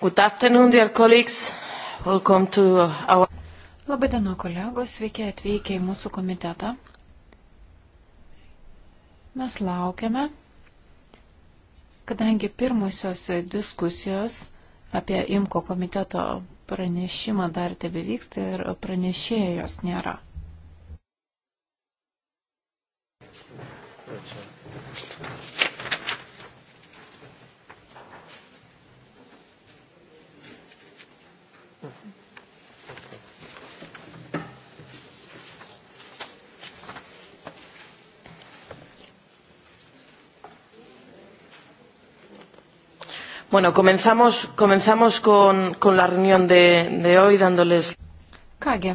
Good afternoon, dear colleagues. Welcome to our. Labadiena, kolegos, sveiki atvykę į mūsų komitetą. Mes laukiame, kadangi pirmosios diskusijos apie IMKO komiteto pranešimą dar tebe vyksta ir pranešėjos nėra. Bueno, comenzamos, comenzamos con, con la reunión de, de hoy dándoles. Kągi,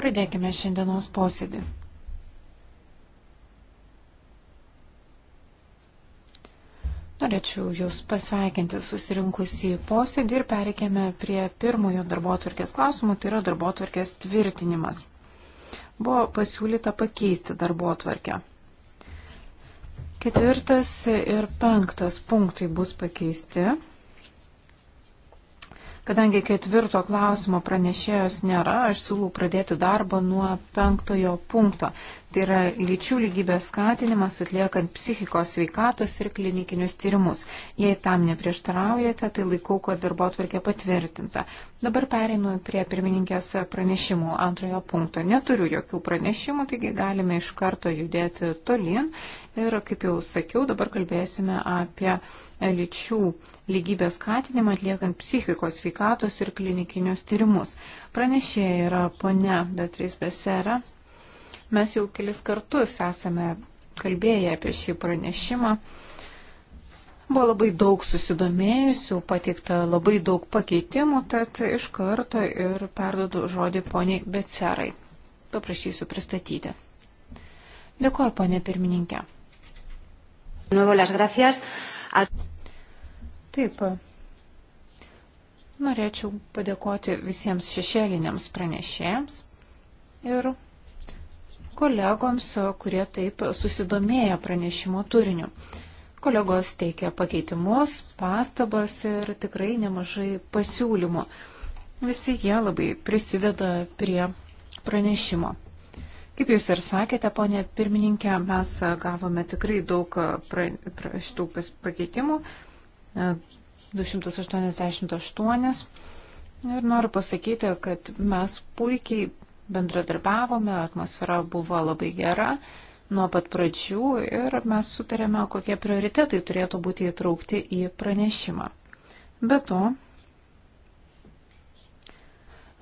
pradėkime šiandienos posėdį. Norėčiau Jūs pasveikinti susirinkus į posėdį ir pereikėme prie pirmojo darbo atvarkės klausimų, tai yra darbo atvarkės tvirtinimas. Buvo pasiūlyta pakeisti darbo atvarkę. Ketvirtas ir penktas punktai bus pakeisti. Kadangi ketvirto klausimo pranešėjos nėra, aš siūlau pradėti darbą nuo penktojo punkto. Tai yra lyčių lygybės skatinimas atliekant psichikos sveikatos ir klinikinius tyrimus. Jei tam neprieštaraujate, tai laikau, kad darbo atvarkė patvirtinta. Dabar pereinu prie pirmininkės pranešimų antrojo punkto. Neturiu jokių pranešimų, taigi galime iš karto judėti tolin Ir, kaip jau sakiau, dabar kalbėsime apie lyčių lygybės skatinimą atliekant psichikos sveikatos ir klinikinius tyrimus. Pranešėja yra ponia Beatrice Besera. Mes jau kelis kartus esame kalbėję apie šį pranešimą. Buvo labai daug susidomėjusių, pateikta labai daug pakeitimų, tad iš karto ir perdodu žodį poniai Becerai. Paprašysiu pristatyti. Dėkuoju, ponė pirmininkė. Taip. Norėčiau padėkoti visiems šešėliniams pranešėjams ir kolegoms, kurie taip susidomėjo pranešimo turiniu. Kolegos teikia pakeitimus, pastabas ir tikrai nemažai pasiūlymų. Visi jie labai prisideda prie pranešimo. Kaip Jūs ir sakėte, ponė pirmininkė, mes gavome tikrai daug pra, pra, šitų pakeitimų, 288. E, ir noriu pasakyti, kad mes puikiai bendradarbiavome, atmosfera buvo labai gera nuo pat pradžių ir mes sutarėme, kokie prioritetai turėtų būti įtraukti į pranešimą. Be to,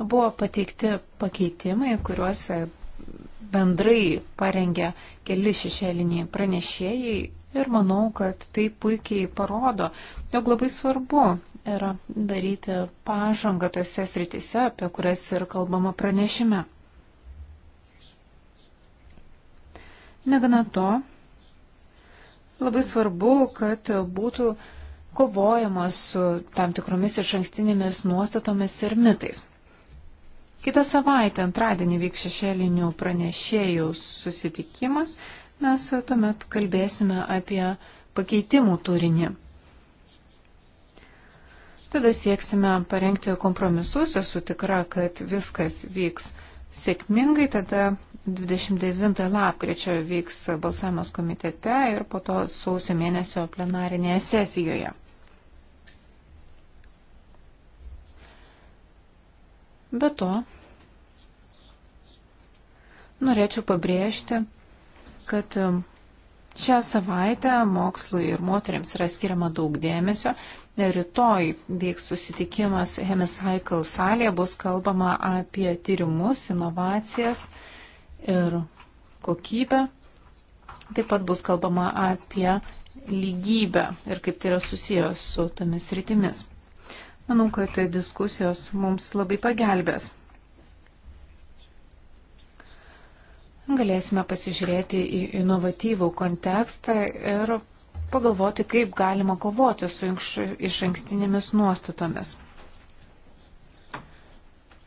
buvo pateikti pakeitimai, kuriuose bendrai parengė keli šešėliniai pranešėjai ir manau, kad tai puikiai parodo, jog labai svarbu yra daryti pažangą tose sritise, apie kurias ir kalbama pranešime. Negana to, labai svarbu, kad būtų kovojama su tam tikromis iš ankstinėmis nuostatomis ir mitais. Kitą savaitę, antradienį, vyks šešėlinių pranešėjų susitikimas. Mes tuomet kalbėsime apie pakeitimų turinį. Tada sieksime parengti kompromisus. Esu tikra, kad viskas vyks sėkmingai. Tada 29 lapkričio vyks balsavimas komitete ir po to sausio mėnesio plenarinėje sesijoje. Be to, norėčiau pabrėžti, kad um, šią savaitę mokslui ir moteriams yra skiriama daug dėmesio. Rytoj vyks susitikimas Hemicycle salėje, bus kalbama apie tyrimus, inovacijas ir kokybę. Taip pat bus kalbama apie lygybę ir kaip tai yra susijęs su tomis rytimis. Manau, kad tai diskusijos mums labai pagelbės. Galėsime pasižiūrėti į inovatyvų kontekstą ir pagalvoti, kaip galima kovoti su iš ankstinėmis nuostatomis.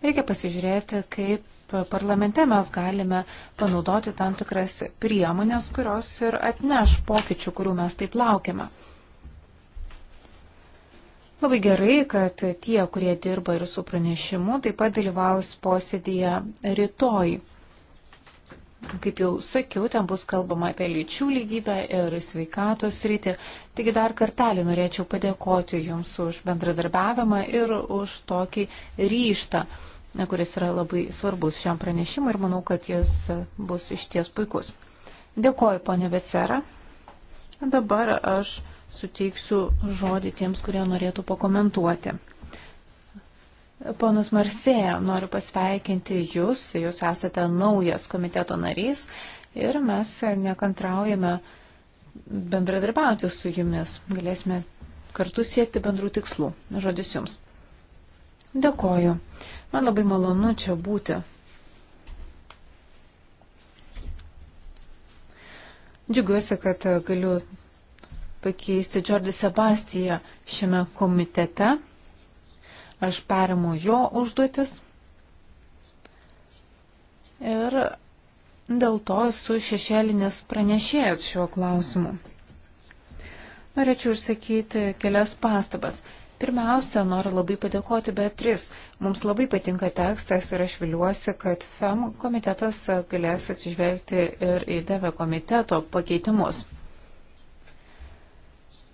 Reikia pasižiūrėti, kaip parlamente mes galime panaudoti tam tikras priemonės, kurios ir atneš pokyčių, kurių mes taip laukiame. Labai gerai, kad tie, kurie dirba ir su pranešimu, taip pat dalyvaus posėdėje rytoj. Kaip jau sakiau, ten bus kalbama apie lyčių lygybę ir sveikatos rytį. Taigi dar kartelį norėčiau padėkoti Jums už bendradarbiavimą ir už tokį ryštą, kuris yra labai svarbus šiam pranešimui ir manau, kad jis bus išties puikus. Dėkoju, ponė Becera. Dabar aš suteiksiu žodį tiems, kurie norėtų pakomentuoti. Ponas Marsėja, noriu pasveikinti Jūs, Jūs esate naujas komiteto narys ir mes nekantraujame bendradarbiauti su Jumis. Galėsime kartu siekti bendrų tikslų. Žodis Jums. Dėkoju. Man labai malonu čia būti. Džiugiuosi, kad galiu pakeisti Džordį Sebastiją šiame komitete. Aš perimu jo užduotis. Ir dėl to esu šešėlinės pranešėjas šiuo klausimu. Norėčiau užsakyti kelias pastabas. Pirmiausia, noriu labai padėkoti Beatris. Mums labai patinka tekstas ir aš viliuosi, kad FEM komitetas galės atsižvelgti ir į DV komiteto pakeitimus.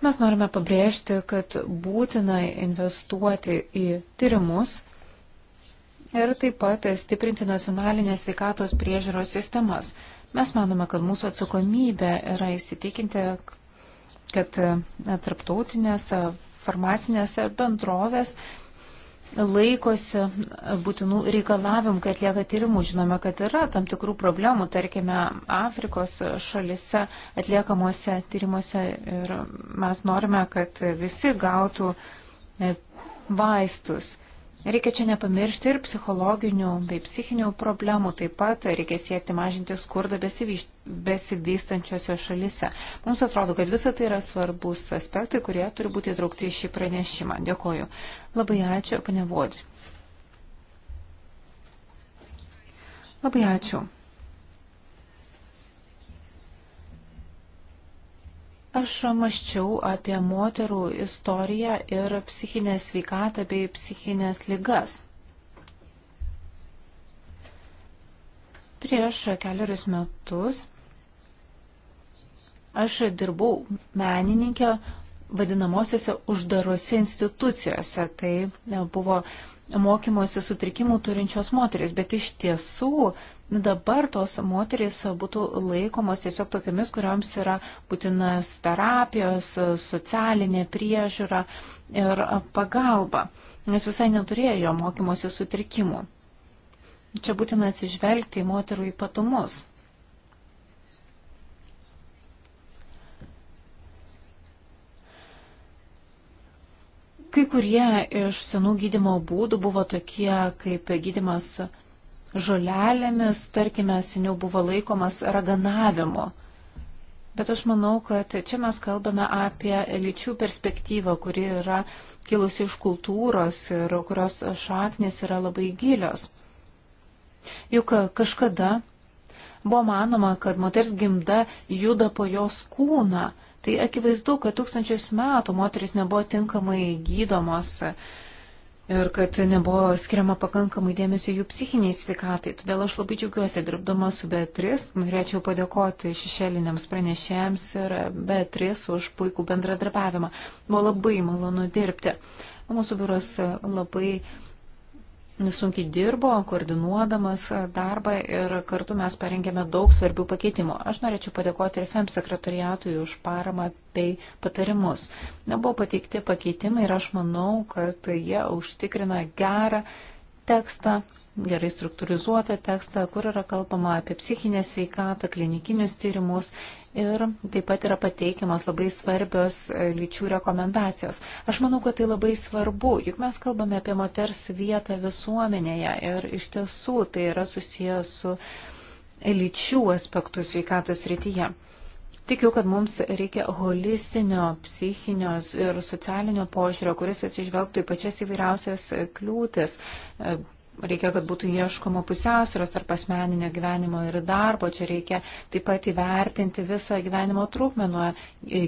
Mes norime pabrėžti, kad būtina investuoti į tyrimus ir taip pat stiprinti nacionalinės sveikatos priežiūros sistemas. Mes manome, kad mūsų atsakomybė yra įsitikinti, kad e, tarptautinės farmacinės bendrovės laikosi būtinų reikalavimų, kai atlieka tyrimų. Žinome, kad yra tam tikrų problemų, tarkime, Afrikos šalise atliekamuose tyrimuose ir mes norime, kad visi gautų e, vaistus. Reikia čia nepamiršti ir psichologinių bei psichinių problemų, taip pat reikia siekti mažinti skurdą besivystančiose šalise. Mums atrodo, kad visa tai yra svarbus aspektai, kurie turi būti įtraukti į šį pranešimą. Dėkoju. Labai ačiū, pane Vodi. Labai ačiū. Aš maščiau apie moterų istoriją ir psichinę sveikatą bei psichinės ligas. Prieš keliarius metus aš dirbau menininkę vadinamosiose uždarose institucijose. Tai e, buvo mokymosi sutrikimų turinčios moteris, bet iš tiesų dabar tos moteris būtų laikomos tiesiog tokiamis, kuriams yra būtinas terapijos, socialinė priežiūra ir pagalba, nes visai neturėjo mokymosi sutrikimų. Čia būtina atsižvelgti į moterų ypatumus. Kai kurie iš senų gydimo būdų buvo tokie kaip gydimas žolelėmis, tarkime, seniau buvo laikomas raganavimu. Bet aš manau, kad čia mes kalbame apie lyčių perspektyvą, kuri yra kilusi iš kultūros ir kurios šaknis yra labai gilios. Juk kažkada buvo manoma, kad moters gimda juda po jos kūną Tai akivaizdu, kad tūkstančius metų moteris nebuvo tinkamai gydomos ir kad nebuvo skiriama pakankamai dėmesio jų psichiniai sveikatai. Todėl aš labai džiaugiuosi dirbdama su Beatris. Norėčiau padėkoti šešėliniams pranešėjams ir Beatris už puikų bendradarbiavimą. Buvo labai malonu dirbti. Mūsų biuras labai sunkiai dirbo, koordinuodamas darbą ir kartu mes parengėme daug svarbių pakeitimų. Aš norėčiau padėkoti ir FEM sekretariatui už paramą bei patarimus. Nebuvo pateikti pakeitimai ir aš manau, kad jie užtikrina gerą tekstą gerai struktūrizuotą tekstą, kur yra kalbama apie psichinę sveikatą, klinikinius tyrimus ir taip pat yra pateikiamos labai svarbios e, lyčių rekomendacijos. Aš manau, kad tai labai svarbu, juk mes kalbame apie moters vietą visuomenėje ir iš tiesų tai yra susijęs su lyčių aspektų sveikatos rytyje. Tikiu, kad mums reikia holistinio, psichinio ir socialinio požiūrio, kuris atsižvelgtų į pačias įvairiausias kliūtis, e, reikia, kad būtų ieškoma pusiausvėros tarp asmeninio gyvenimo ir darbo. Čia reikia taip pat įvertinti visą gyvenimo trukmę nuo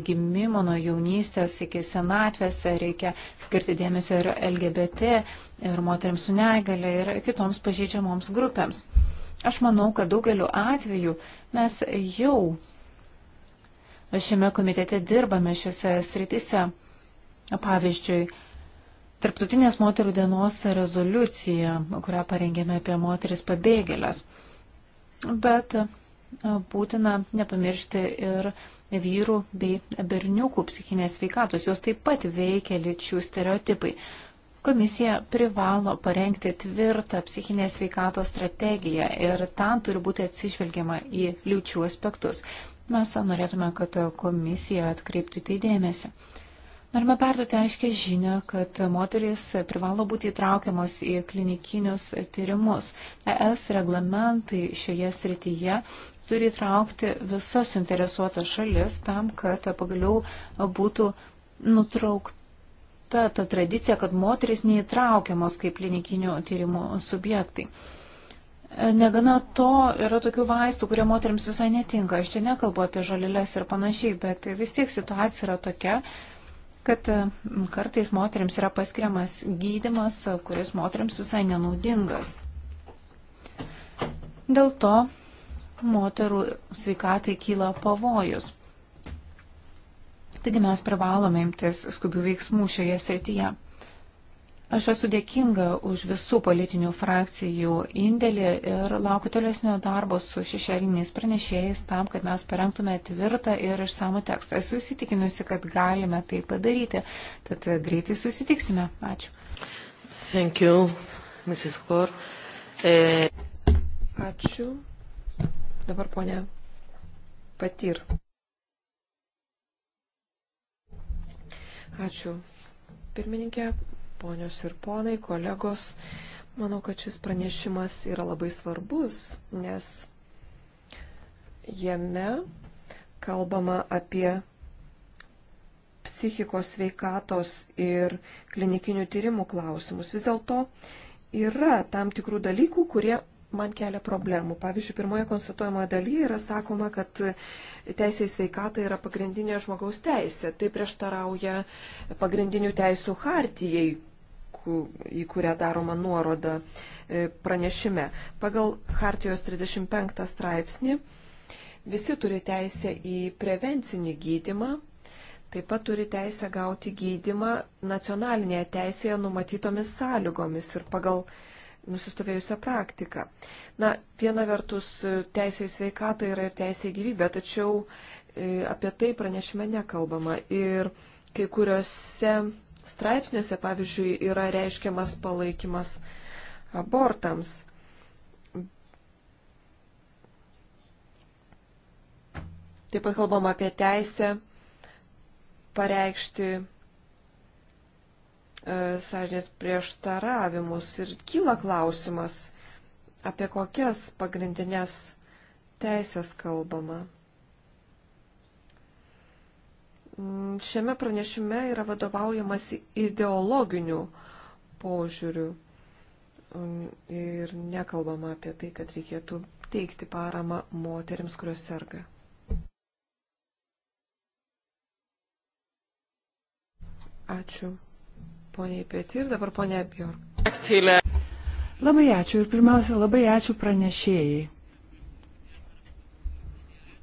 gimimo, nuo jaunystės iki senatvės. Reikia skirti dėmesio ir LGBT, ir moteriams su negale, ir kitoms pažeidžiamoms grupėms. Aš manau, kad daugeliu atveju mes jau šiame komitete dirbame šiuose sritise. Pavyzdžiui, Tarptautinės moterų dienos rezoliucija, kurią parengėme apie moteris pabėgėlės. Bet e, būtina nepamiršti ir vyrų bei berniukų psichinės veikatos. Jos taip pat veikia lyčių stereotipai. Komisija privalo parengti tvirtą psichinės veikatos strategiją ir ten turi būti atsižvelgiama į lyčių aspektus. Mes norėtume, kad komisija atkreiptų tai dėmesį. Norime perduoti aiškę žinę, kad moteris privalo būti įtraukiamos į klinikinius tyrimus. ES reglamentai šioje srityje turi įtraukti visas interesuotas šalis tam, kad pagaliau būtų nutraukta ta tradicija, kad moteris neįtraukiamos kaip klinikinių tyrimų subjektai. Negana to, yra tokių vaistų, kurie moteriams visai netinka. Aš čia nekalbu apie žalilės ir panašiai, bet vis tiek situacija yra tokia, kad e, kartais moteriams yra paskiriamas gydimas, kuris moteriams visai nenaudingas. Dėl to moterų sveikatai kyla pavojus. Taigi mes privalome imtis skubių veiksmų šioje srityje. Aš esu dėkinga už visų politinių frakcijų indėlį ir laukiu tolesnio darbo su šešėliniais pranešėjais tam, kad mes parengtume tvirtą ir išsamų tekstą. Esu įsitikinusi, kad galime tai padaryti. Tad greitai susitiksime. Ačiū. Thank you, Mrs. Klor. E... Ačiū. Dabar ponia Patir. Ačiū. Pirmininkė, ponios ir ponai, kolegos. Manau, kad šis pranešimas yra labai svarbus, nes jame kalbama apie psichikos sveikatos ir klinikinių tyrimų klausimus. Vis dėlto yra tam tikrų dalykų, kurie man kelia problemų. Pavyzdžiui, pirmoje konstatuojamoje dalyje yra sakoma, kad teisė į sveikatą yra pagrindinė žmogaus teisė. Tai prieštarauja pagrindinių teisų hartijai į kurią daroma nuoroda e, pranešime. Pagal Hartijos 35 straipsnį visi turi teisę į prevencinį gydimą, taip pat turi teisę gauti gydimą nacionalinėje teisėje numatytomis sąlygomis ir pagal nusistovėjusią praktiką. Na, viena vertus, teisė į sveikatą yra ir teisė į gyvybę, tačiau e, apie tai pranešime nekalbama. Ir kai kuriuose straipsniuose, pavyzdžiui, yra reiškiamas palaikymas abortams. Taip pat kalbam apie teisę pareikšti e, sąžinės prieštaravimus ir kyla klausimas, apie kokias pagrindinės teisės kalbama. Mm, šiame pranešime yra vadovaujamas ideologinių požiūrių mm, ir nekalbama apie tai, kad reikėtų teikti paramą moteriams, kurios serga. Ačiū, poniai Pėti ir dabar ponia Bjork. Aktyvė. Labai ačiū ir pirmiausia, labai ačiū pranešėjai.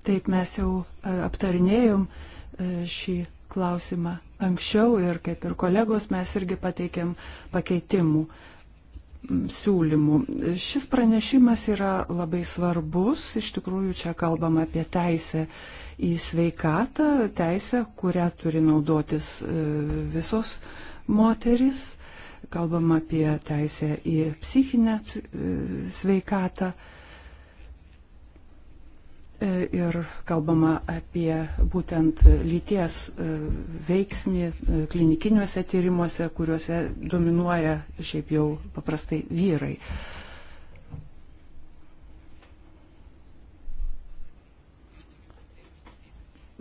Taip mes jau e, aptarinėjom uh, E, šį klausimą anksčiau ir kaip ir kolegos mes irgi pateikėm pakeitimų siūlymų. Šis pranešimas yra labai svarbus, iš tikrųjų čia kalbam apie teisę į sveikatą, teisę, kurią turi naudotis e, visos moteris, kalbam apie teisę į psichinę e, sveikatą. Ps E, ir kalbama apie būtent lyties e, veiksnį e, klinikiniuose tyrimuose, kuriuose dominuoja šiaip jau paprastai vyrai.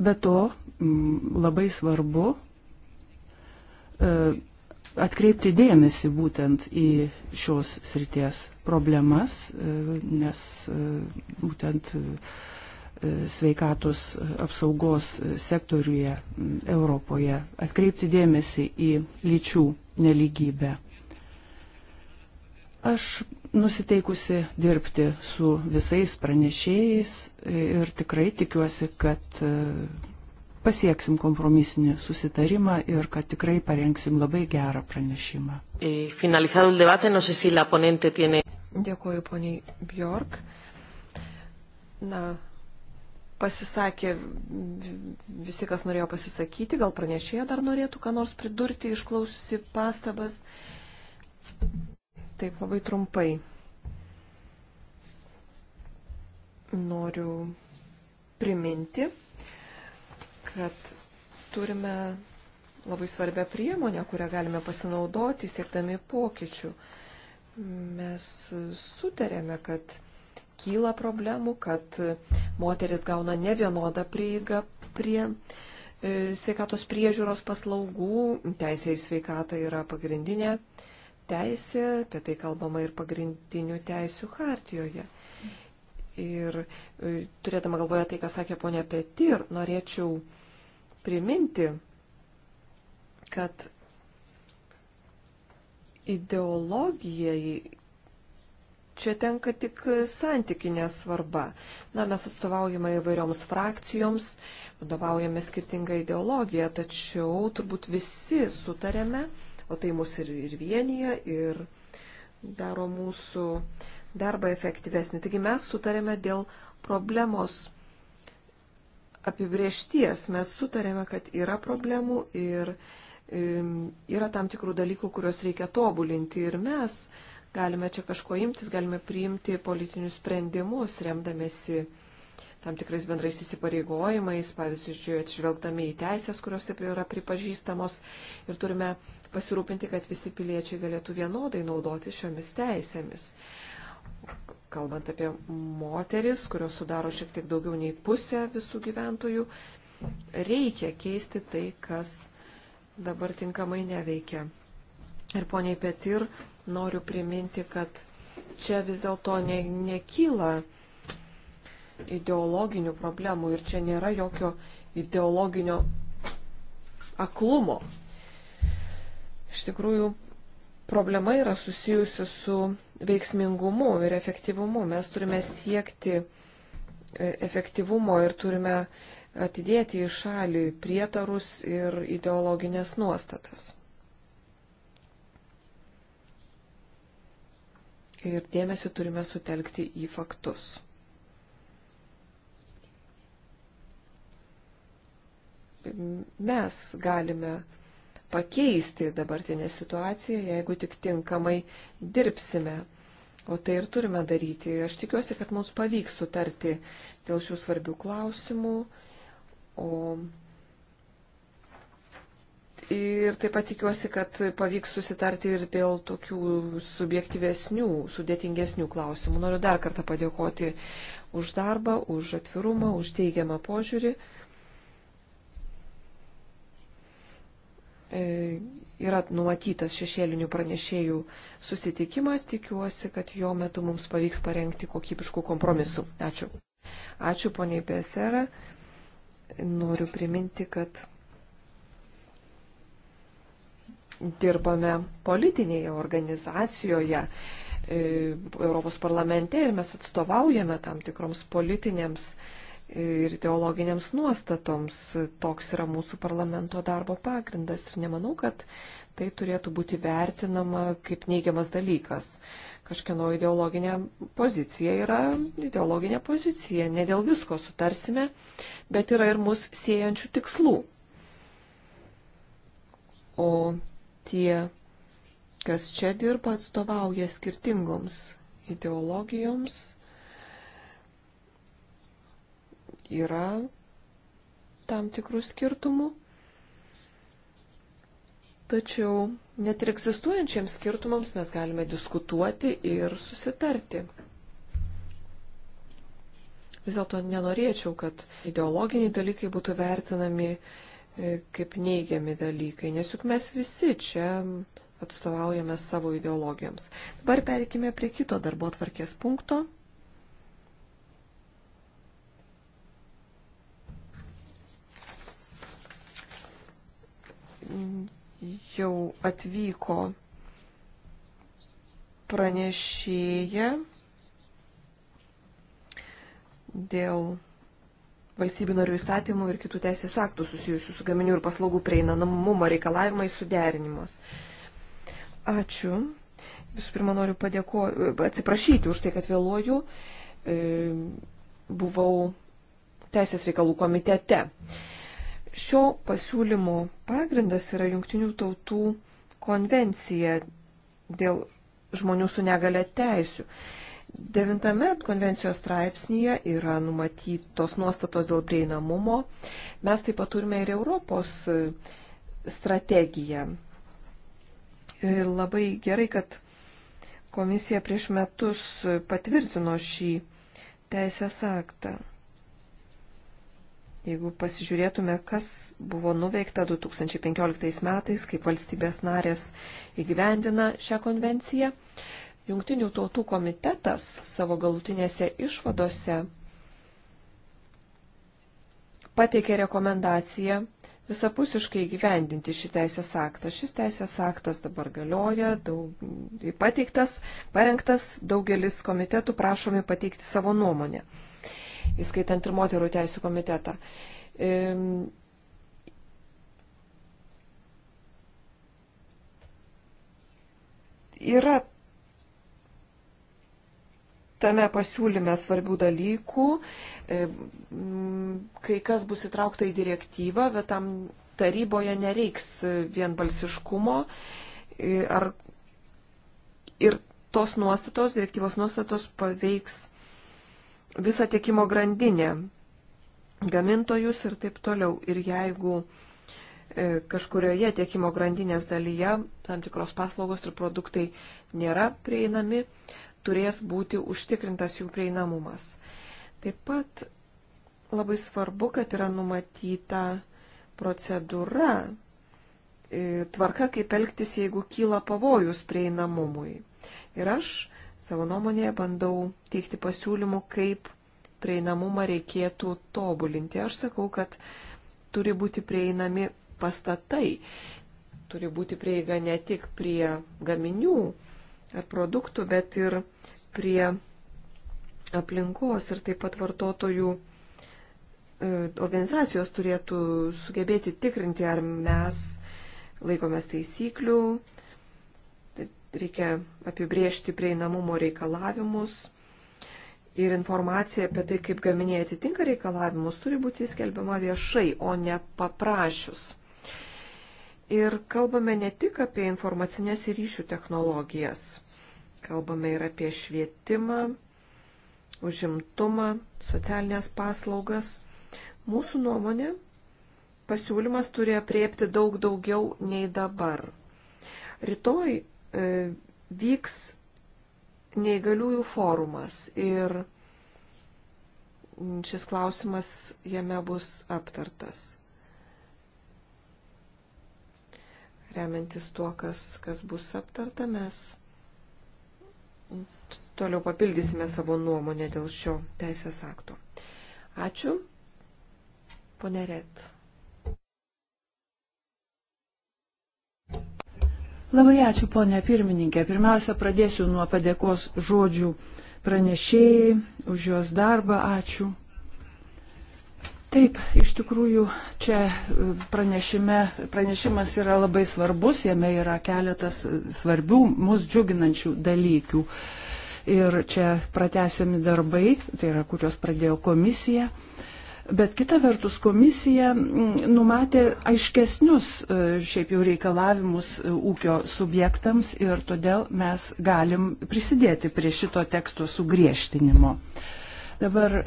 Be to labai svarbu atkreipti dėmesį būtent į šios srities problemas, nes būtent sveikatos apsaugos sektoriuje Europoje, atkreipti dėmesį į lyčių neligybę. Aš nusiteikusi dirbti su visais pranešėjais ir tikrai tikiuosi, kad e, pasieksim kompromisinį susitarimą ir kad tikrai parengsim labai gerą pranešimą. Dėkuoju poniai Bjork. Na, pasisakė visi, kas norėjo pasisakyti, gal pranešėja dar norėtų ką nors pridurti, išklausiusi pastabas. Taip labai trumpai. Noriu priminti, kad turime labai svarbią priemonę, kurią galime pasinaudoti siekdami pokyčių. Mes sutarėme, kad kyla problemų, kad moteris gauna ne vienodą prieigą prie e, sveikatos priežiūros paslaugų. Teisė į sveikatą yra pagrindinė teisė, apie tai kalbama ir pagrindinių teisių hartijoje. Ir e, turėdama galvoje tai, ką sakė ponia Petir, norėčiau priminti, kad ideologijai čia tenka tik santykinė svarba. Na, mes atstovaujame įvairioms frakcijoms, vadovaujame skirtingą ideologiją, tačiau turbūt visi sutarėme, o tai mus ir, ir vienyje, ir daro mūsų darbą efektyvesnį. Taigi mes sutarėme dėl problemos apibriešties, mes sutarėme, kad yra problemų ir yra tam tikrų dalykų, kuriuos reikia tobulinti ir mes Galime čia kažko imtis, galime priimti politinius sprendimus, remdamėsi tam tikrais bendrais įsipareigojimais, pavyzdžiui, atžvelgdami į teisės, kurios taip yra pripažįstamos ir turime pasirūpinti, kad visi piliečiai galėtų vienodai naudoti šiomis teisėmis. Kalbant apie moteris, kurios sudaro šiek tiek daugiau nei pusę visų gyventojų, reikia keisti tai, kas dabar tinkamai neveikia. Ir poniai Petir noriu priminti, kad čia vis dėlto ne, nekyla ideologinių problemų ir čia nėra jokio ideologinio aklumo. Iš tikrųjų, problema yra susijusi su veiksmingumu ir efektyvumu. Mes turime siekti e, efektyvumo ir turime atidėti į šalį prietarus ir ideologinės nuostatas. ir dėmesį turime sutelkti į faktus. Mes galime pakeisti dabartinę situaciją, jeigu tik tinkamai dirbsime. O tai ir turime daryti. Aš tikiuosi, kad mums pavyks sutarti dėl šių svarbių klausimų. O Ir taip pat tikiuosi, kad pavyks susitarti ir dėl tokių subjektyvesnių, sudėtingesnių klausimų. Noriu dar kartą padėkoti už darbą, už atvirumą, už teigiamą požiūrį. E, yra numatytas šešėlinių pranešėjų susitikimas, tikiuosi, kad jo metu mums pavyks parengti kokybiškų kompromisų. Ačiū. Ačiū poniai Besera. Noriu priminti, kad dirbame politinėje organizacijoje e, Europos parlamente ir mes atstovaujame tam tikroms politinėms ir ideologinėms nuostatoms. Toks yra mūsų parlamento darbo pagrindas ir nemanau, kad tai turėtų būti vertinama kaip neigiamas dalykas. Kažkieno ideologinė pozicija yra ideologinė pozicija. Ne dėl visko sutarsime, bet yra ir mus siejančių tikslų. O tie, kas čia dirba, atstovauja skirtingoms ideologijoms, yra tam tikrų skirtumų. Tačiau net ir egzistuojančiams skirtumams mes galime diskutuoti ir susitarti. Vis dėlto nenorėčiau, kad ideologiniai dalykai būtų vertinami uh, E, kaip neigiami dalykai, nes juk mes visi čia atstovaujame savo ideologijoms. Dabar perikime prie kito darbo tvarkės punkto. Jau atvyko pranešėja dėl valstybių narių įstatymų ir kitų teisės aktų susijusių su gaminių ir paslaugų prieinamumo reikalavimais suderinimas. Ačiū. Visų pirma, noriu padėko, atsiprašyti už tai, kad vėluoju. E, buvau Teisės reikalų komitete. Šio pasiūlymo pagrindas yra Junktinių tautų konvencija dėl žmonių su negale teisių. Devintame konvencijos straipsnėje yra numatytos nuostatos dėl prieinamumo. Mes taip pat turime ir Europos e, strategiją. Ir e, labai gerai, kad komisija prieš metus patvirtino šį teisės aktą. Jeigu pasižiūrėtume, kas buvo nuveikta 2015 metais, kaip valstybės narės įgyvendina šią konvenciją, Jungtinių tautų komitetas savo galutinėse išvadose pateikė rekomendaciją visapusiškai gyvendinti šį teisės aktą. Šis teisės aktas dabar galioja, daug, pateiktas, parengtas, daugelis komitetų prašomi pateikti savo nuomonę, įskaitant ir moterų teisų komitetą. Yra tame pasiūlyme svarbių dalykų, e, kai kas bus įtraukta į direktyvą, bet tam taryboje nereiks vienbalsiškumo. E, ar ir tos nuostatos, direktyvos nuostatos paveiks visą tiekimo grandinę, gamintojus ir taip toliau. Ir jeigu e, kažkurioje tiekimo grandinės dalyje tam tikros paslaugos ir produktai nėra prieinami, turės būti užtikrintas jų prieinamumas. Taip pat labai svarbu, kad yra numatyta procedūra, e, tvarka, kaip elgtis, jeigu kyla pavojus prieinamumui. Ir aš savo nuomonėje bandau teikti pasiūlymų, kaip prieinamumą reikėtų tobulinti. Aš sakau, kad turi būti prieinami pastatai, turi būti prieiga ne tik prie gaminių, ar produktų, bet ir prie aplinkos ir taip pat vartotojų e, organizacijos turėtų sugebėti tikrinti, ar mes laikomės taisyklių, reikia apibriežti prieinamumo reikalavimus ir informacija apie tai, kaip gaminiai atitinka reikalavimus, turi būti skelbiama viešai, o ne paprašius. Ir kalbame ne tik apie informacinės ir ryšių technologijas, kalbame ir apie švietimą, užimtumą, socialinės paslaugas. Mūsų nuomonė, pasiūlymas turi apriepti daug daugiau nei dabar. Rytoj e, vyks neįgaliųjų forumas ir šis klausimas jame bus aptartas. remiantis tuo, kas, kas bus aptarta, mes toliau papildysime savo nuomonę dėl šio teisės akto. Ačiū, ponė Ret. Labai ačiū, ponė pirmininkė. Pirmiausia, pradėsiu nuo padėkos žodžių pranešėjai už jos darbą. Ačiū Taip, iš tikrųjų, čia e, pranešimas yra labai svarbus, jame yra keletas e, svarbių, mus džiuginančių dalykių. Ir čia pratesiami darbai, tai yra, kuriuos pradėjo komisija. Bet kita vertus, komisija mm, numatė aiškesnius e, šiaip jau reikalavimus ūkio subjektams ir todėl mes galim prisidėti prie šito teksto sugriežtinimo. Uh, Dabar e,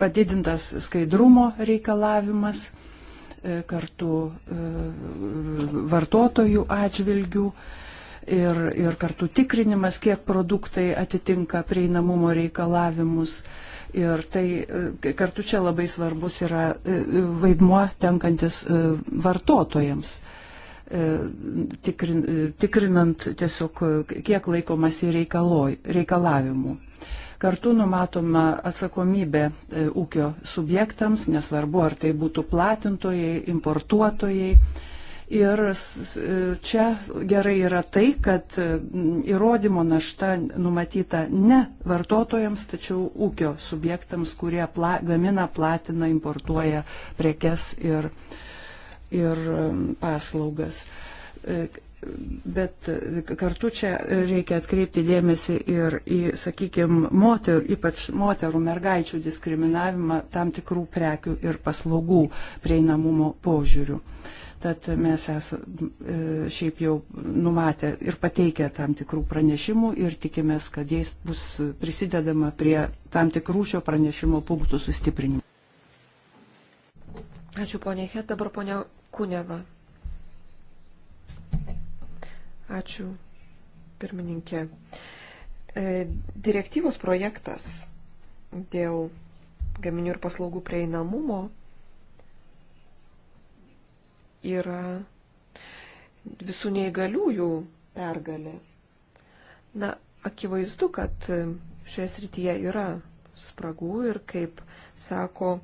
padidintas skaidrumo reikalavimas e, kartu e, vartotojų atžvilgių ir, ir kartu tikrinimas, kiek produktai atitinka prieinamumo reikalavimus. Ir tai kartu čia labai svarbus yra vaidmuo tenkantis vartotojams, tikrin, tikrinant tiesiog, kiek laikomas į reikalavimų. Kartu numatoma atsakomybė e, ūkio subjektams, nesvarbu ar tai būtų platintojai, importuotojai. Ir čia gerai yra tai, kad e, įrodymo našta numatyta ne vartotojams, tačiau ūkio subjektams, kurie pla, gamina, platina, importuoja prekes ir, ir e, paslaugas. Bet kartu čia reikia atkreipti dėmesį ir į, sakykime, moterų, ypač moterų mergaičių diskriminavimą tam tikrų prekių ir paslaugų prieinamumo požiūrių. Tad mes esame šiaip jau numatę ir pateikę tam tikrų pranešimų ir tikimės, kad jais bus prisidedama prie tam tikrų šio pranešimo punktų sustiprinimo. Ačiū ponė Het, dabar ponė Kuneva. Ačiū, pirmininkė. E, direktyvos projektas dėl gaminių ir paslaugų prieinamumo yra visų neįgaliųjų pergalė. Na, akivaizdu, kad šioje srityje yra spragų ir, kaip sako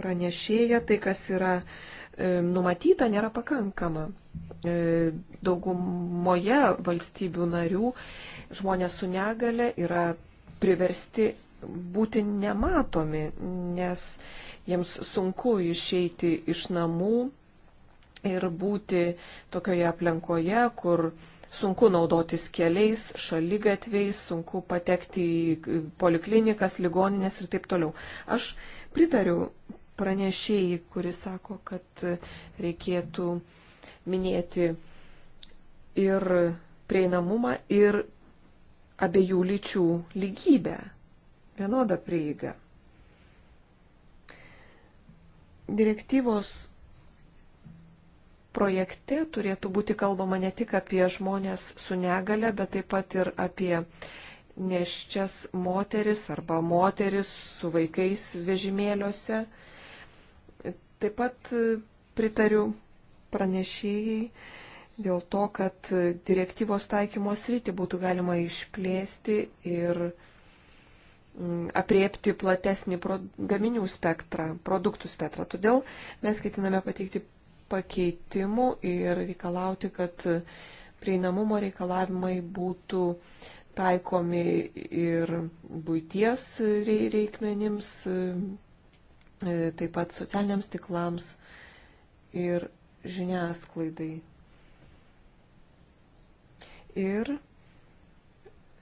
pranešėja, tai, kas yra e, numatyta, nėra pakankama. E, daugumoje valstybių narių žmonės su negale yra priversti būti nematomi, nes jiems sunku išeiti iš namų ir būti tokioje aplinkoje, kur sunku naudotis keliais, šalygatviais, sunku patekti į poliklinikas, ligoninės ir taip toliau. Aš pritariu pranešėjai, kuris sako, kad reikėtų uh, minėti ir prieinamumą, ir abiejų lyčių lygybę, vienodą prieigą. Direktyvos projekte turėtų būti kalbama ne tik apie žmonės su negale, bet taip pat ir apie neščias moteris arba moteris su vaikais vežimėliuose. Taip pat pritariu pranešėjai dėl to, kad direktyvos taikymo sritį būtų galima išplėsti ir mm, apriepti platesnį gaminių spektrą, produktų spektrą. Todėl mes ketiname pateikti pakeitimų ir reikalauti, kad prieinamumo reikalavimai būtų taikomi ir būties reikmenims, e, taip pat socialiniams tiklams ir žiniasklaidai. Ir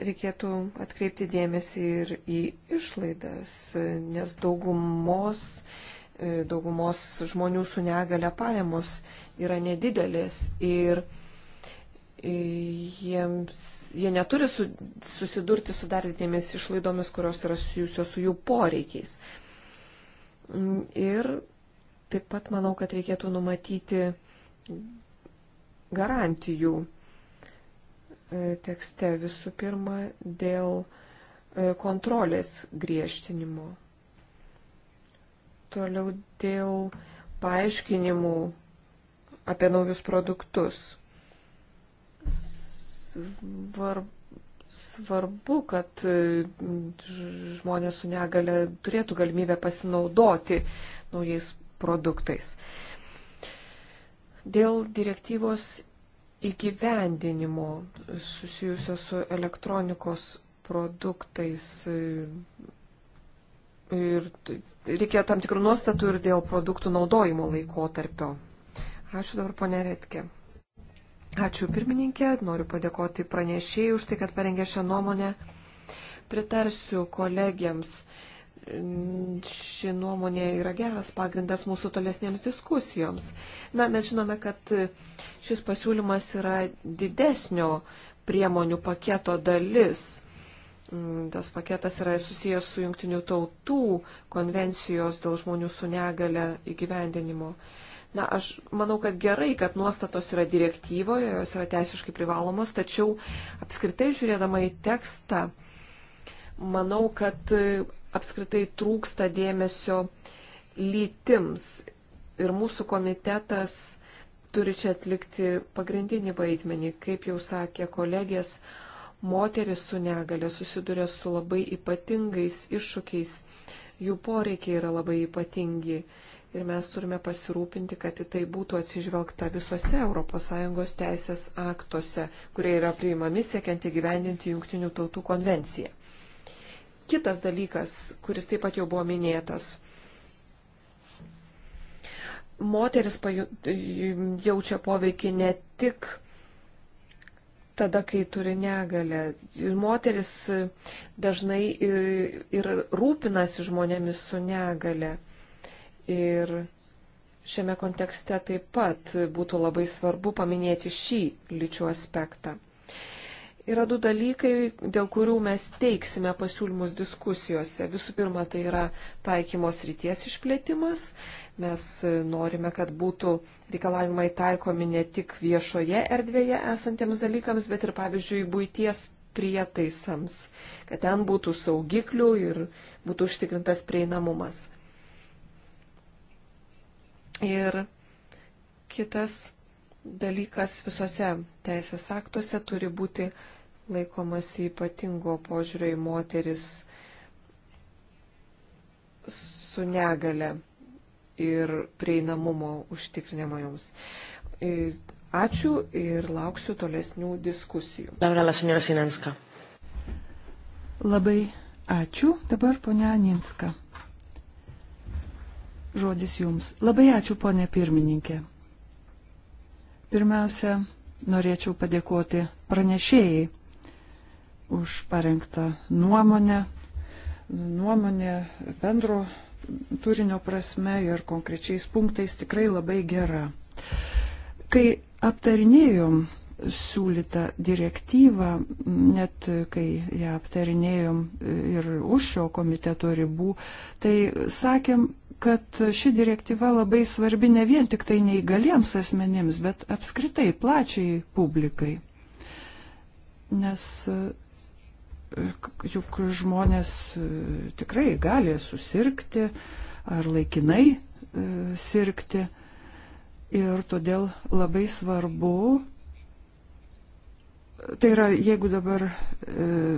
reikėtų atkreipti dėmesį ir į išlaidas, nes daugumos, e, daugumos žmonių su negale pajamos yra nedidelės ir e, jiems, jie neturi su, susidurti su dar didėmis išlaidomis, kurios yra susijusios su jų poreikiais. Mm, ir Taip pat manau, kad reikėtų numatyti garantijų e, tekste visų pirma dėl e, kontrolės griežtinimo. Toliau dėl paaiškinimų apie naujus produktus. Svarbu svarbu, kad e, žmonės su negale turėtų galimybę pasinaudoti naujais produktais. Dėl direktyvos įgyvendinimo susijusio su elektronikos produktais e, ir reikia tam tikrų nuostatų ir dėl produktų naudojimo laikotarpio. Ačiū dabar, ponė Retke. Ačiū pirmininkė, noriu padėkoti pranešėjai už tai, kad parengė šią nuomonę. Pritarsiu kolegiams ši nuomonė yra geras pagrindas mūsų tolesnėms diskusijoms. Na, mes žinome, kad šis pasiūlymas yra didesnio priemonių paketo dalis. Tas paketas yra susijęs su jungtinių tautų konvencijos dėl žmonių su negale įgyvendinimo. Na, aš manau, kad gerai, kad nuostatos yra direktyvoje, jos yra teisiškai privalomos, tačiau apskritai žiūrėdama į tekstą, manau, kad apskritai trūksta dėmesio lytims ir mūsų komitetas turi čia atlikti pagrindinį vaidmenį. Kaip jau sakė kolegės, moteris su negale susiduria su labai ypatingais iššūkiais, jų poreikiai yra labai ypatingi ir mes turime pasirūpinti, kad į tai būtų atsižvelgta visose ES teisės aktuose, kurie yra priimami siekiant įgyvendinti Junktinių tautų konvenciją kitas dalykas, kuris taip pat jau buvo minėtas. Moteris paju, jaučia poveikį ne tik tada, kai turi negalę. Moteris dažnai ir, ir rūpinasi žmonėmis su negale. Ir šiame kontekste taip pat būtų labai svarbu paminėti šį lyčių aspektą. Yra du dalykai, dėl kurių mes teiksime pasiūlymus diskusijose. Visų pirma, tai yra taikymos ryties išplėtimas. Mes norime, kad būtų reikalavimai taikomi ne tik viešoje erdvėje esantiems dalykams, bet ir, pavyzdžiui, būties prietaisams, kad ten būtų saugiklių ir būtų užtikrintas prieinamumas. Ir kitas dalykas visose teisės aktuose turi būti laikomasi ypatingo požiūrio į moteris su negale ir prieinamumo užtikrinimo joms. Ačiū ir lauksiu tolesnių diskusijų. Laura, la senjora Sinenska. Labai ačiū. Dabar ponia Aninska. Žodis jums. Labai ačiū, ponė pirmininkė. Pirmiausia, norėčiau padėkoti pranešėjai už parengtą nuomonę. Nuomonė bendro turinio prasme ir konkrečiais punktais tikrai labai gera. Kai aptarinėjom siūlytą direktyvą, net kai ją aptarinėjom ir už šio komiteto ribų, tai sakėm, kad ši direktyva labai svarbi ne vien tik tai neįgaliems asmenėms, bet apskritai plačiai publikai. Nes juk žmonės e, tikrai gali susirgti ar laikinai e, sirgti. Ir todėl labai svarbu, tai yra, jeigu dabar e,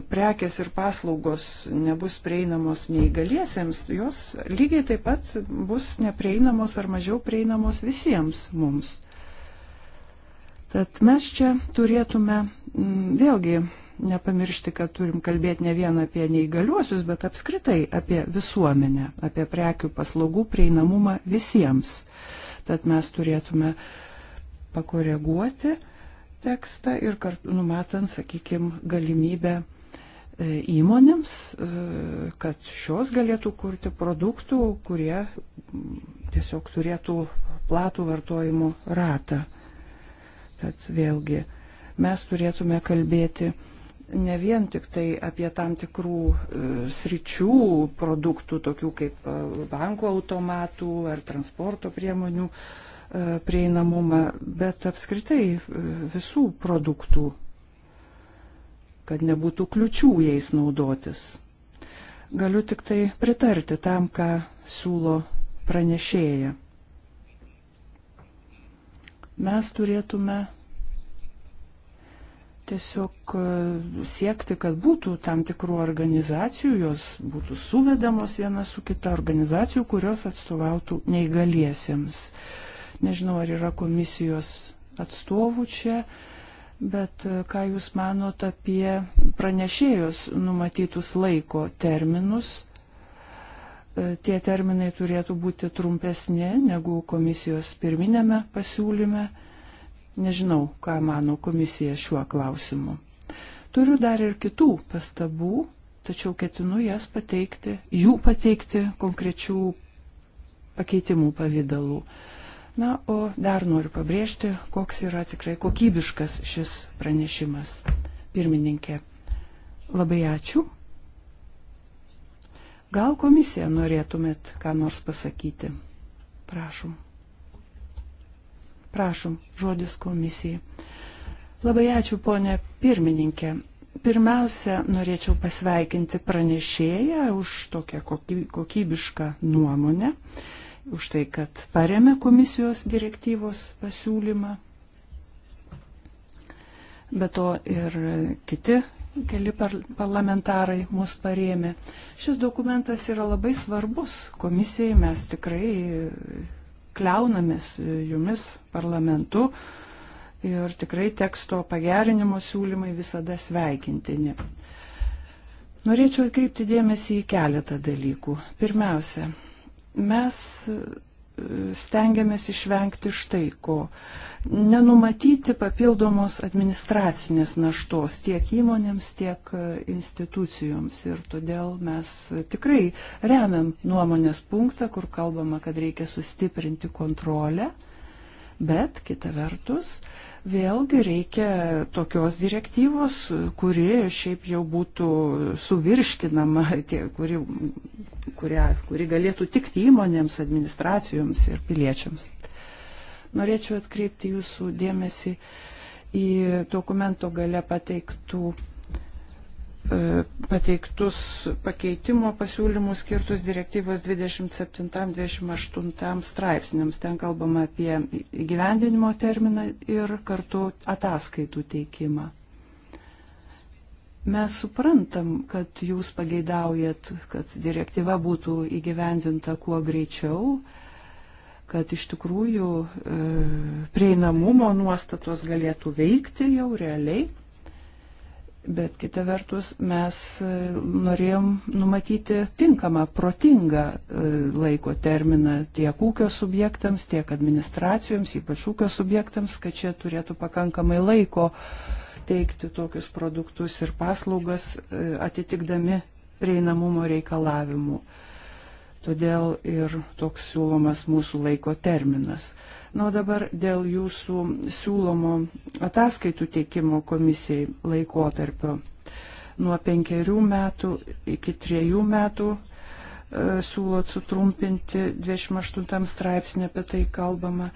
prekes ir paslaugos nebus prieinamos neįgaliesiems, jos lygiai taip pat bus neprieinamos ar mažiau prieinamos visiems mums. Tad mes čia turėtume vėlgi nepamiršti, kad turim kalbėti ne vien apie neįgaliuosius, bet apskritai apie visuomenę, apie prekių paslaugų prieinamumą visiems. Tad mes turėtume pakoreguoti tekstą ir kartu numatant, sakykime, galimybę e, įmonėms, e, kad šios galėtų kurti produktų, kurie tiesiog turėtų platų vartojimų ratą. Tad vėlgi mes turėtume kalbėti ne vien tik tai apie tam tikrų e, sričių produktų, tokių kaip e, banko automatų ar transporto priemonių e, prieinamumą, bet apskritai visų produktų, kad nebūtų kliučių jais naudotis. Galiu tik tai pritarti tam, ką siūlo pranešėja. Mes turėtume tiesiog e, siekti, kad būtų tam tikrų organizacijų, jos būtų suvedamos viena su kita, organizacijų, kurios atstovautų neįgaliesiems. Nežinau, ar yra komisijos atstovų čia, bet e, ką Jūs manot apie pranešėjus numatytus laiko terminus? E, tie terminai turėtų būti trumpesni negu komisijos pirminėme pasiūlyme Nežinau, ką mano komisija šiuo klausimu. Turiu dar ir kitų pastabų, tačiau ketinu jas pateikti, jų pateikti konkrečių pakeitimų pavydalų. Na, o dar noriu pabrėžti, koks yra tikrai kokybiškas šis pranešimas. Pirmininkė, labai ačiū. Gal komisija norėtumėt ką nors pasakyti? Prašom. Prašom, žodis komisijai. Labai ačiū, ponė pirmininkė. Pirmiausia, norėčiau pasveikinti pranešėją už tokią kokybišką nuomonę, už tai, kad paremė komisijos direktyvos pasiūlymą. Be to ir kiti keli par parlamentarai mus parėmė. Šis dokumentas yra labai svarbus. Komisijai mes tikrai kliaunamės jumis parlamentu ir tikrai teksto pagerinimo siūlymai visada sveikintini. Norėčiau atkreipti dėmesį į keletą dalykų. Pirmiausia, mes stengiamės išvengti štai ko. Nenumatyti papildomos administracinės naštos tiek įmonėms, tiek institucijoms. Ir todėl mes tikrai remiam nuomonės punktą, kur kalbama, kad reikia sustiprinti kontrolę. Bet kita vertus, vėlgi reikia tokios direktyvos, kuri šiaip jau būtų suvirškinama, tie, kuri, kuria, kuri galėtų tikti įmonėms, administracijoms ir piliečiams. Norėčiau atkreipti jūsų dėmesį į dokumento gale pateiktų E, pateiktus pakeitimo pasiūlymus skirtus direktyvos 27-28 straipsniams. Ten kalbama apie įgyvendinimo terminą ir kartu ataskaitų teikimą. Mes suprantam, kad jūs pageidaujat, kad direktyva būtų įgyvendinta kuo greičiau, kad iš tikrųjų e, prieinamumo nuostatos galėtų veikti jau realiai Bet kita vertus, mes e, norėjom numatyti tinkamą, protingą e, laiko terminą tiek ūkio subjektams, tiek administracijoms, ypač ūkio subjektams, kad čia turėtų pakankamai laiko teikti tokius produktus ir paslaugas e, atitikdami prieinamumo reikalavimų. Todėl ir toks siūlomas mūsų laiko terminas. Na, o dabar dėl jūsų siūlomo ataskaitų teikimo komisijai laikotarpio. Nuo penkerių metų iki trejų metų e, siūlot sutrumpinti 28 straipsnį apie tai kalbama.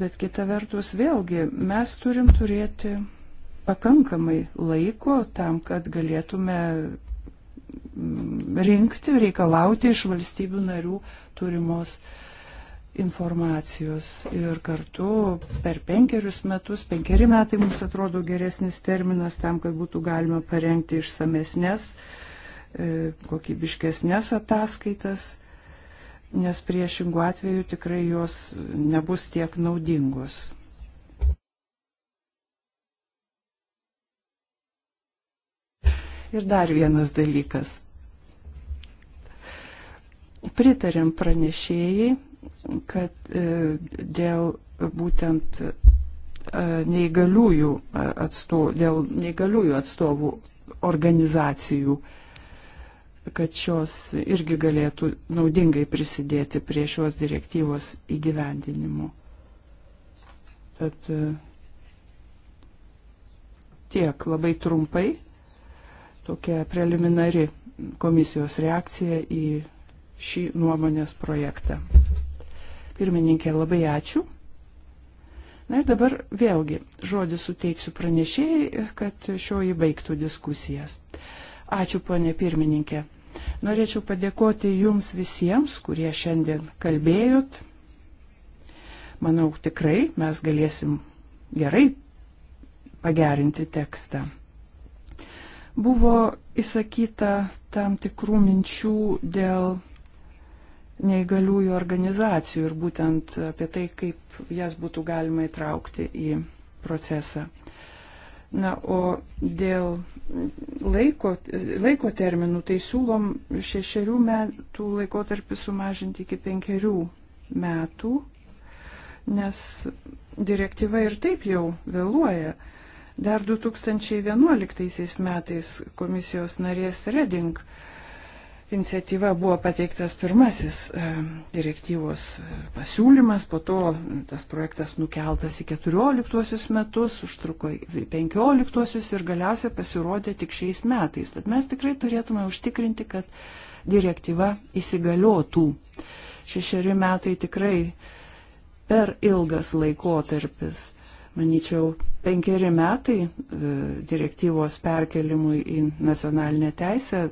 Bet kita vertus, vėlgi, mes turim turėti pakankamai laiko tam, kad galėtume rinkti, reikalauti iš valstybių narių turimos informacijos. Ir kartu per penkerius metus, penkeri metai mums atrodo geresnis terminas tam, kad būtų galima parengti išsamesnės, e, kokybiškesnės ataskaitas, nes priešingų atveju tikrai jos nebus tiek naudingos. Ir dar vienas dalykas. Pritarėm pranešėjai, kad e, dėl būtent e, neįgaliųjų e, atstovų, dėl neįgaliųjų atstovų organizacijų, kad šios irgi galėtų naudingai prisidėti prie šios direktyvos įgyvendinimo. Tad tiek labai trumpai tokia preliminari komisijos reakcija į šį nuomonės projektą. Pirmininkė, labai ačiū. Na ir dabar vėlgi žodį suteiksiu pranešėjai, kad šioji baigtų diskusijas. Ačiū, ponė pirmininkė. Norėčiau padėkoti jums visiems, kurie šiandien kalbėjot. Manau, tikrai mes galėsim gerai pagerinti tekstą. Buvo įsakyta tam tikrų minčių dėl neįgaliųjų organizacijų ir būtent apie tai, kaip jas būtų galima įtraukti į procesą. Na, o dėl laiko, laiko terminų, tai siūlom šešerių metų laikotarpį sumažinti iki penkerių metų, nes direktyva ir taip jau vėluoja. Dar 2011 metais komisijos narės Reding iniciatyva buvo pateiktas pirmasis e, direktyvos e, pasiūlymas, po to e, tas projektas nukeltas į 14 metus, užtruko 15 ir galiausiai pasirodė tik šiais metais. Tad mes tikrai turėtume užtikrinti, kad direktyva įsigaliotų. Šešeri metai tikrai per ilgas laikotarpis. Manyčiau, penkeri metai e, direktyvos perkelimui į nacionalinę teisę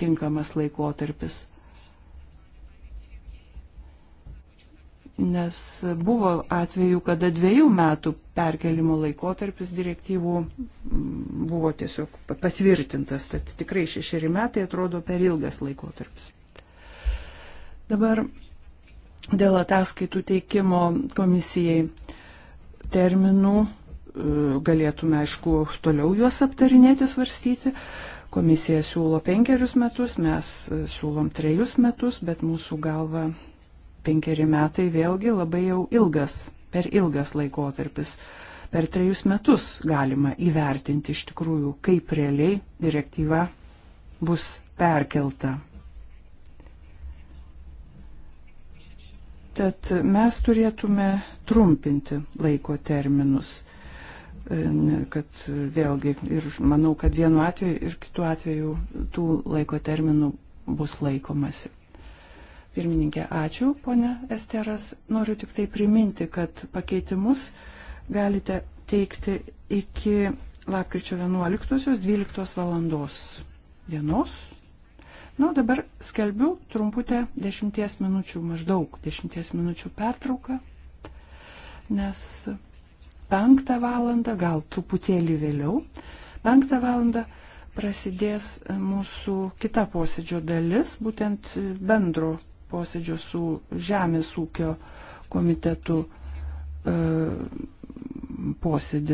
tinkamas laikotarpis. Nes buvo atveju, kada dviejų metų perkelimo laikotarpis direktyvų buvo tiesiog patvirtintas, tad tikrai šešeri metai atrodo per ilgas laikotarpis. Dabar dėl ataskaitų teikimo komisijai terminų galėtume, aišku, toliau juos aptarinėti, svarstyti. Komisija siūlo penkerius metus, mes siūlom trejus metus, bet mūsų galva penkeri metai vėlgi labai jau ilgas, per ilgas laikotarpis. Per trejus metus galima įvertinti iš tikrųjų, kaip realiai direktyva bus perkelta. Tad mes turėtume trumpinti laiko terminus E, kad vėlgi ir manau, kad vienu atveju ir kitu atveju tų laiko terminų bus laikomasi. Pirmininkė, ačiū, ponė Esteras. Noriu tik tai priminti, kad pakeitimus galite teikti iki lapkričio 11-12 valandos dienos. Na, nu, dabar skelbiu trumputę 10 minučių, maždaug 10 minučių pertrauką, nes 5 valandą, gal truputėlį vėliau, 5 valandą prasidės mūsų kita posėdžio dalis, būtent bendro posėdžio su Žemės ūkio komitetu e, posėdis.